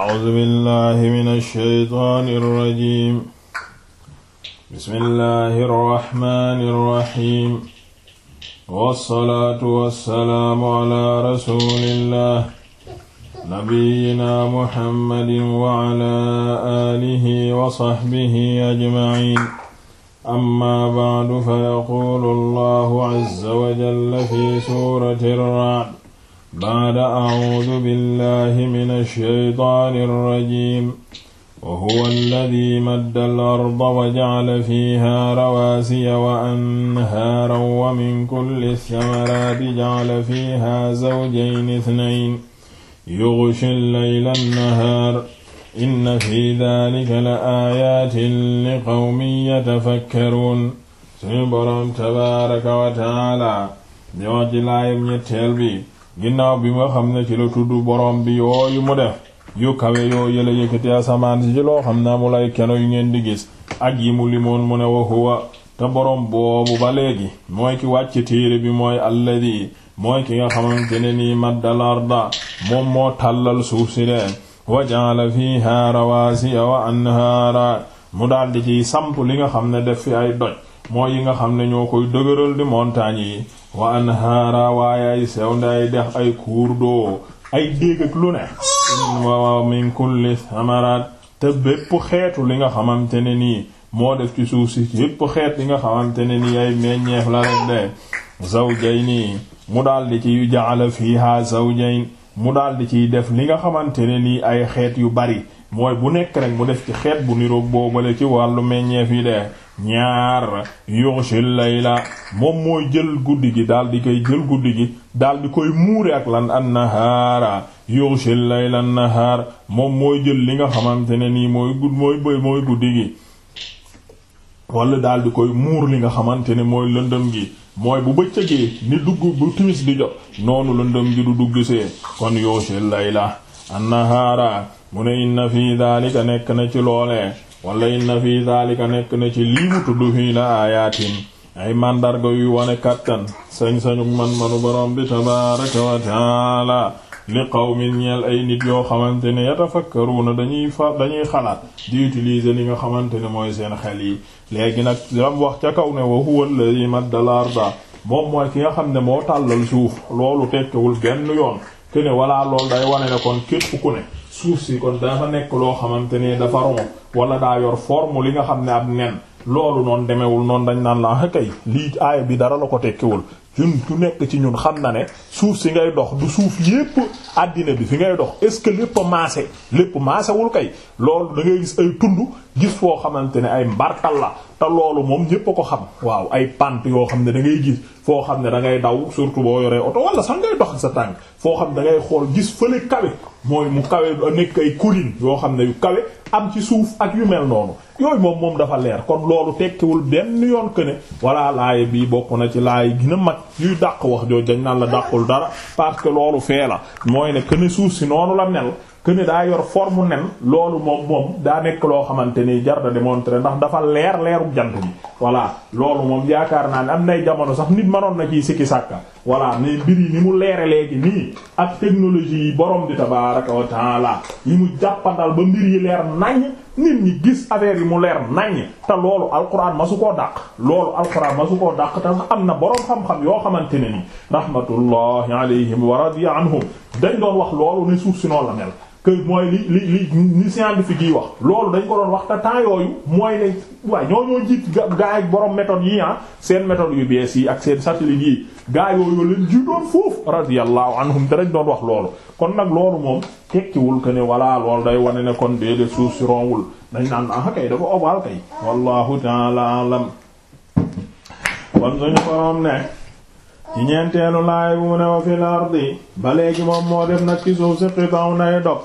A'uuzu billaahi mina shaytaani rajiim. Bismillaahi rahmaani rahiim. Wassalaatu wassalaamu alaa rasuulillaah. Nabiyyinaa Muhammadin wa alaa aalihi wa sahbihi ajma'iin. Ammaa ba'du fa yaquulu Allaahu azza wa jalla fi suurati Ra'd. baada acuudu billahi min alsheytaani alrajim wahuwa alladi madda alarda wa jacala fiiha rawaasiya wa anhaaran wa min kulli samaraati jacala fiiha zawjayn ithnayn yughshi allayla annahaar inna fi dalika la aayaatin liqawmin yatafakkaruun suñu boroom tabaaraka wa tacaala di wax ci laayam ñetteel bi ginnaaw bi nga xam ne ci la tudd boroom bi yooyu mu def yu kawe yoo yëla yëkkati asamaan si ci loo xam ne amul ay keno yu ngeen di gis ak yi mu limoon mu ne wa te borom boobu ba léegi mooy ki wàcc téere bi mooy alladi mooy ki nga xamante ne nii maddal arda moom moo tàllal suuf si dee wa jaala fiha rawaasiya wa anhaara mu daldi ciy samp li nga xam ne def fi ay doj mooy yi nga xam ne ñoo koy dëgëral di montagnes yi wa anhaara waaye ay sew nde ay dex ay kuur doo ay dégg lu ne min kulli samarat te bépp xeetu li nga xamante ne nii moo def ci suuf si bépp xeet li nga xamante ne nii ay meññeef la rek de zawjayni mu daldi ci fii fiha zawjayn mu di ciy def li nga xamante ne nii ay xeet yu bari mooy bu nekk rek mu def ci xeet bu niroog boobale ci wàllu meññeef yi de ñaar yughshil la moom mooy jël guddi gi daal di koy jël guddi gi daal di koy muure ak lan annahaara yughshil layla annahaar moom mooy jël li nga xamante ne nii mooy gudd mooy bëy mooy guddi gi wala daal koy muur li nga xamante ne mooy lëndëm gi mooy bu bëccëgee ni dugg bu timis di jot noonu lëndëm gi du dugg see kon yughshil layla annahaara mu ne inna fii daalika nekk na ci loolee wala inna fi daalika nekk na ci lii mu tudd fii la aayaatin ay màndarga yuy wane kàttan sañ-sañu man-manu borom bi tabaraka wa taala li qawmin ñeel ay nit yoo xamante ne yatafakkaruna dañuy fa dañuy xalaat di utiliser li nga xamante ne mooy seen xel yi léegi nag dam wax ca kaw ne wa huwa alladhi maddal arda moom mooy ki nga xam ne moo tàllal suuf loolu tekkiwul benn yoon te ne lool loolu day wane ne kon képp ku ne suuf si kon dafa nekk loo xamante ne dafa ron wala daa yor forme li nga xam ne ab nen loolu noon demewul noon dañ naan la ah kay lii aaya bi dara la ko tekkiwul su ku nekk ci ñun xam na ne suuf si ngay dox du suuf yépp àddina bi fi ngay dox est-ce que lépp a maase lépp maasewul kay loolu da ngay gis ay tund gis foo xamante ne ay mbartal la te loolu moom ñépp a ko xam waaw ay pant yoo xam ne da ngay gis foo xam ne da ngay daw surtout boo yoree oto wala sax ngay dox sa tànk foo xam ne da ngay xool gis fële kawe mooy mu kawe nekk ay collines yoo xam ne yu kawe am ci suuf ak yu mel noonu yooyu moom moom dafa leer kon loolu tekkiwul benn yoon que ne voilà laay bii bokk na ci laay gën mag yuy dàq wax jooju dañ naan la dàqul dara parce loolu fee la mooy ne que suuf si noonu la mel que ne daa yor forme nen loolu moom moom daa nekk loo xamante ni jar na démontrer ndax dafa leer leeru jant bi voilà loolu moom yaakaar naa ne am nay jamono sax nit mënoon na ciy sikki sàkka voilà mais mbir yi ni mu leere léegi nii ak technologie yi borom di tabaraka wa taala yi mu jàppandal ba mbir yi leer nañ nit ñi gis affaire yi mu leer nañ te loolu alquran ma su koo dàq loolu alquran ma su koo dàq te sax am na boroom xam-xam yoo xamante ne ni rahmatullahi alayhim wa radiya anhum dañ doon wax loolu suuf si noonu la que mooy li li li ni scientifique yi wax loolu dañ ko doon wax te temps yooyu mooy ne waaw ñoo ñoo jiit gaa yi borom méthode yi ah seen méthode yu bees yi ak seen satellite yi gaa yooyu leen ji doon foofu radiyallahu anhum te doon wax loolu kon nag loolu moom tekkiwul que ne voilà loolu day wane ne kon déedéet suuf si rongul dañ naan ah kay dafa oval kay wallahu ta'ala kon suñu borom ne ci ñeenteelu laay bu mu ne wa fil ardi ba léegi moom moo def nag ci suuf si xitaw nay dog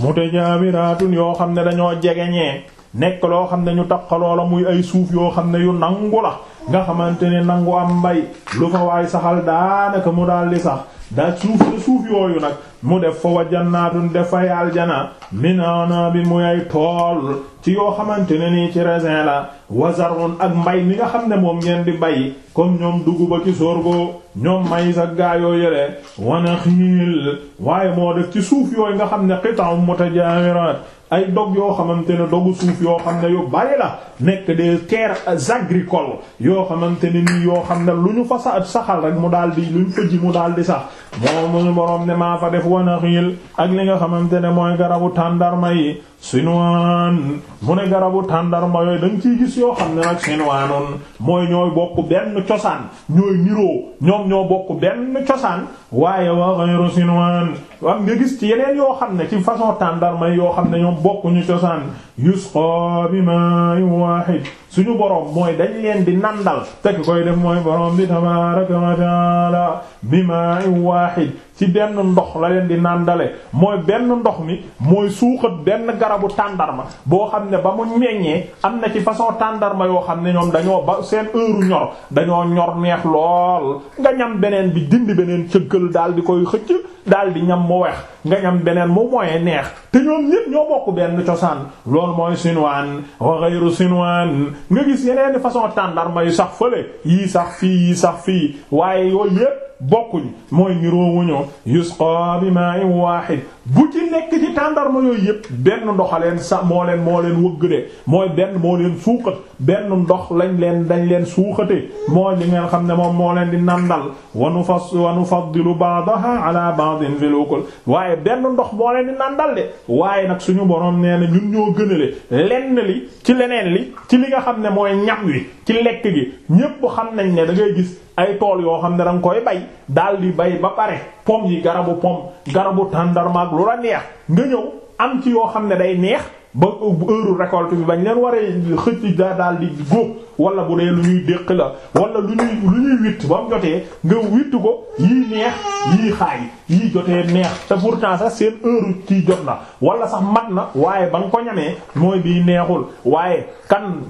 mutajaabiratun yoo xam ne dañoo jegeñee nekk loo xam ne ñu taqaloo la muy ay suuf yoo xam ne yu nangu la nga xamante ne nangu am mbay lu fa waay saxal daanaka mu daal di sax da suuf da suuf yooyu nag mu def fa wa jannaatun def fay aljana minaana bi muy ay tool ci yoo xamante ne nii ci raisin la wa wazarun ak mbay mi nga xam ne moom ngeen di bay kon ñoom duguba ci sorgho ñoom maïs sa gaa yoo yële wana xiil waaye moo def ci suuf yooyu nga xam ne qita'um mutajawirat ay dog yoo xamante ne dogu suuf yoo xam ne yu bari la nekk des terres agricoles yoo xamante ne nii yoo xam ne lu ñu fa sa saxal rek mu daal di lu ñu fa ji mu daal di sax moom mu ñu boroom ne maa fa def wanaxiil ak li nga xamante ne mooy garabu tàndarma yi sinwaan mu ne garabu tàndarma yooyu dañ nga ciy gis yoo xam ne nag sinwaanoon mooy ñooy bokk benn cosaan ñooy niroo ñoom ñoo bokk benn cosaan waaye wa ghayru sinwaan am nga gis ci yeneen yoo xam ne ci façon tàndarma yoo xam ne ñoom bokkuñu cosaan yusqa bi ma'in wahid suñu borom mooy dañ leen di nandal te ki koy def mooy borom bi tabaaraka wa bi maa'in waahid ci benn ndox la leen di nandale mooy benn ndox mi mooy suuxat benn garabu tàndarma boo xam ne ba mu meññee am na ci façon tàndarma yoo xam ne ñoom dañoo ba seen heure ñor dañoo ñor neex lool nga ñam beneen bi dindi beneen cëggal daal di koy xëcc daal di ñam mu weex nga ñam beneen mu mooyee neex te ñoom ñépp ñoo bokk benn cosaan loolu mooy sinwaan wa ghayru sinwaan nga gis yeneen façon tàndarma yu sax fële yii sax fii yii sax fii waaye yooyu yépp bokkuñ mooy niroowuñoo yusqa bi ma'in wahid bu ci nekk ci tàndarma yooyu yëpp benn ndoxaleen sa moo leen moo leen wëgg de mooy benn moo leen suuxat benn ndox lañ leen dañ leen suuxate mooy li ngeen xam ne moom moo leen di nàndal wanu fas wanu faddilu ba'daha ala ba'din fil ukul waaye benn ndox moo leen di de waaye nag suñu borom nee na ñun ñoo gënale lenn li ci leneen li ci li nga xam ne mooy ñam wi ci lekk gi ñépp xam nañ ne da gis ay tool yoo xam ne danga koy bay dal di bay ba pare pom yi garabu pom garabu tàndarmaak lu la neex nga ñëw am ci yoo xam ne day neex ba heure récolte bi bañ leen waree xëcc daa daal di góob wala bu dee lu ñuy déq la wala lu ñuy lu ñuy witt ba mu jotee nga witt ko yii neex yii xaay yii jotee neex te pourtant sax seen heure ci jot na wala sax mat na waaye ba nga ko ñamee mooy bii neexul waaye kan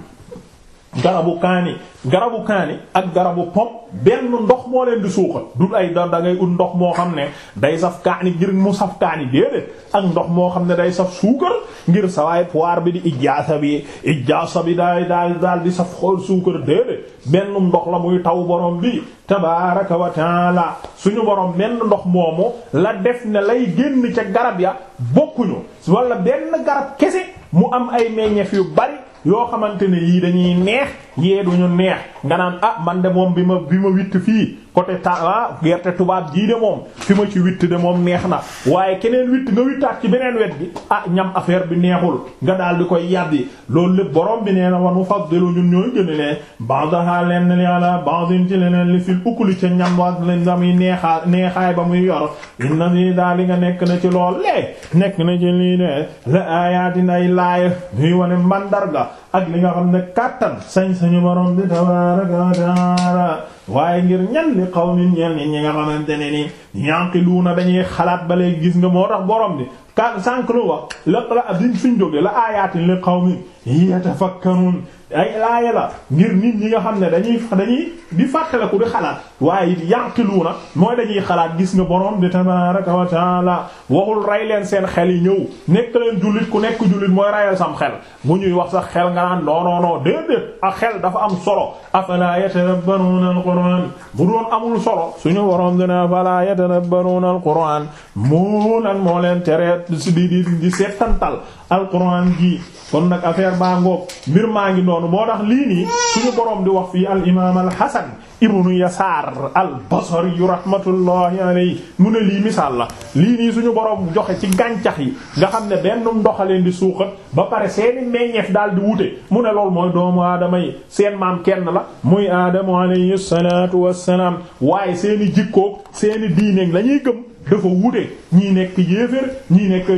garabu kaani garabu kaani ak garabu pom benn ndox moo leen di suuxat dul ay da ngay ut ndox moo xam ne day saf kaani ngir mu saf kaani déedéet ak ndox moo xam ne day saf suukar ngir sawaay poire bi di ijjaasa bi ijjaasa bi daal daal daal di saf xool suukar déedéet benn ndox la muy taw borom bi tabaaraka wa taala suñu borom benn ndox moomu la def ne lay génn ca garab ya bokkuñu wala benn garab kese mu am ay meññeef yu bari yoo xamante ne yii dañuy neex yee duñu neex nga naan ah man de moom bi ma bi ma witt fii côté ta ah gerte tubaab jii de moom fi ma ci witt de moom neex na waaye keneen witt nga wittaat ci beneen wet bi a ah, ñam affaire bi neexul nga daal koy yàbbi loolu lépp borom bi nee na wan faddilu ñun ñooy gënalee bandaha lenn li ala bandin ci leneen li fil ukuli ca ñam wa len da muy neexaa neexaay ba muy yor inna fi nga nekk na ci lool lee nekk na ci lii ne la ayatin ay laaya ñuy wane ak li nga xam ne kàttan sañ sañu borom bi tabaaraka wa waaye ngir ñan li qawmin ñen ñi nga xamante ne ni yanqiluuna dañuy xalaat ba léegi gis nga moo tax borom bi ka sànk lu wax la la biñ fiñ jóge la aayaatin li qawmin yatafakkarun ay laaya la ngir nit ñi nga xam ne dañuy dañuy di fàttaliku di xalaat waaye it yàqiluuna mooy dañuy xalaat gis nga borom di tabaaraka wa taala waxul rey leen seen xel yi ñëw nekk leen jullit ku nekk jullit mooy reyal sam xel bu ñuy wax sax xel nga naan non non non déedéet xel dafa am solo afala yatarabbaruuna alquran bu doon amul solo suñu borom dina afala yatarabbaruuna alquran moo lan moo leen tere di di di settantal alquran gi kon nag affaire baa ngoog mbir maa ngi noonu moo tax lii nii suñu borom di wax fii al imaam al hasan ibnu yasaar al basri yu rahmatullahi mu ne lii misaal la lii nii suñu borom joxe ci gàncax yi nga xam ne benn ndoxaleen di suuxat ba pare seeni meññeef daal di wute mu ne loolu mooy doomu aadama yi seen maam kenn la muy aadamu alayhi salaatu wassalaam waaye seeni jikkook seeni diineek lañuy gëm dafa wute ñii nekk yéeféer ñii nekk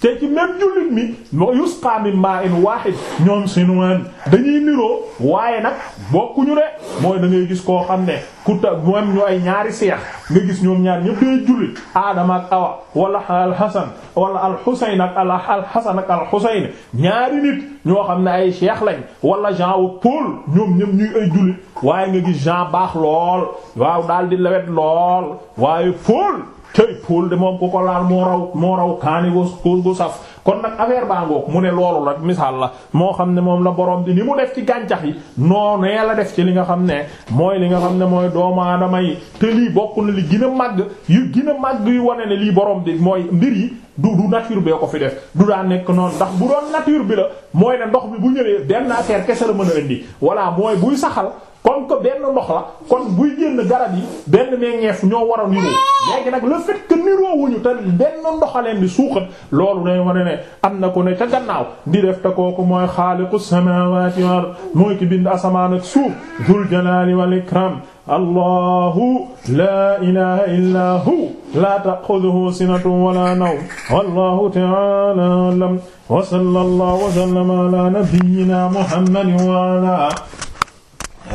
te ci même jullit mi no yusqa min ma'in wahid ñoom sinuwaan dañuy niroo waaye nag bokkuñu de mooy da gis koo xam ne ku ta moom ñu ay ñaari seex nga gis ñoom ñaar ñëpp jullit aadama ak awa wala alxasan wala alxusayn ak al alxasan ak alxusayn ñaari nit ñoo xam ne ay seex lañ walla Jean wu Paul ñoom ñëpp ñuy ay jullit waaye nga gis Jean baax lool waaw daal di lewet lool waaye Paul tey pool de moom ku ko laal moo raw moo raw kaani gu gu saf kon nag affaire baa ngoog mu ne loolu la misaal la moo xam ne moom la borom bi ni mu def ci gàncax yi noonee la def ci li nga xam ne mooy li nga xam ne mooy doomu yi te lii bokk na li gën a màgg yu gën a màgg yu wane ne lii borom bi mooy mbir yi du du nature bee ko fi def du daa nekk noonu ndax bu doon nature bi la mooy ne ndox bi bu ñëwee benn affaire kese la mën a indi walla mooy buy saxal. comme que benn ndox la kon buy génn garab yi benn meññeef ñoo war a niroo léegi nag le fait que niroo wuñu te benn ndoxaleen di suuxat loolu day wane ne am na ku ne ca gannaaw di def te kooku mooy xaaliqu samawati wal mooy ki bind asamaan ak suuf dul jalali wal ikram allahu la ilaha illa hu la taxuduhu sinatun wala nawm wallahu ta'ala alam wa sallallahu wa sallama ala nabiyyina muhammadin wa ala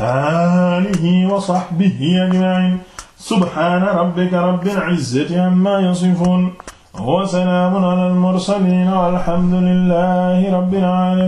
alihi wa sahbihi ajma'in subhana rabbika rabbil izzati amma yasifun wa salamun ala al mursalin walhamdulillahi rabbil alamin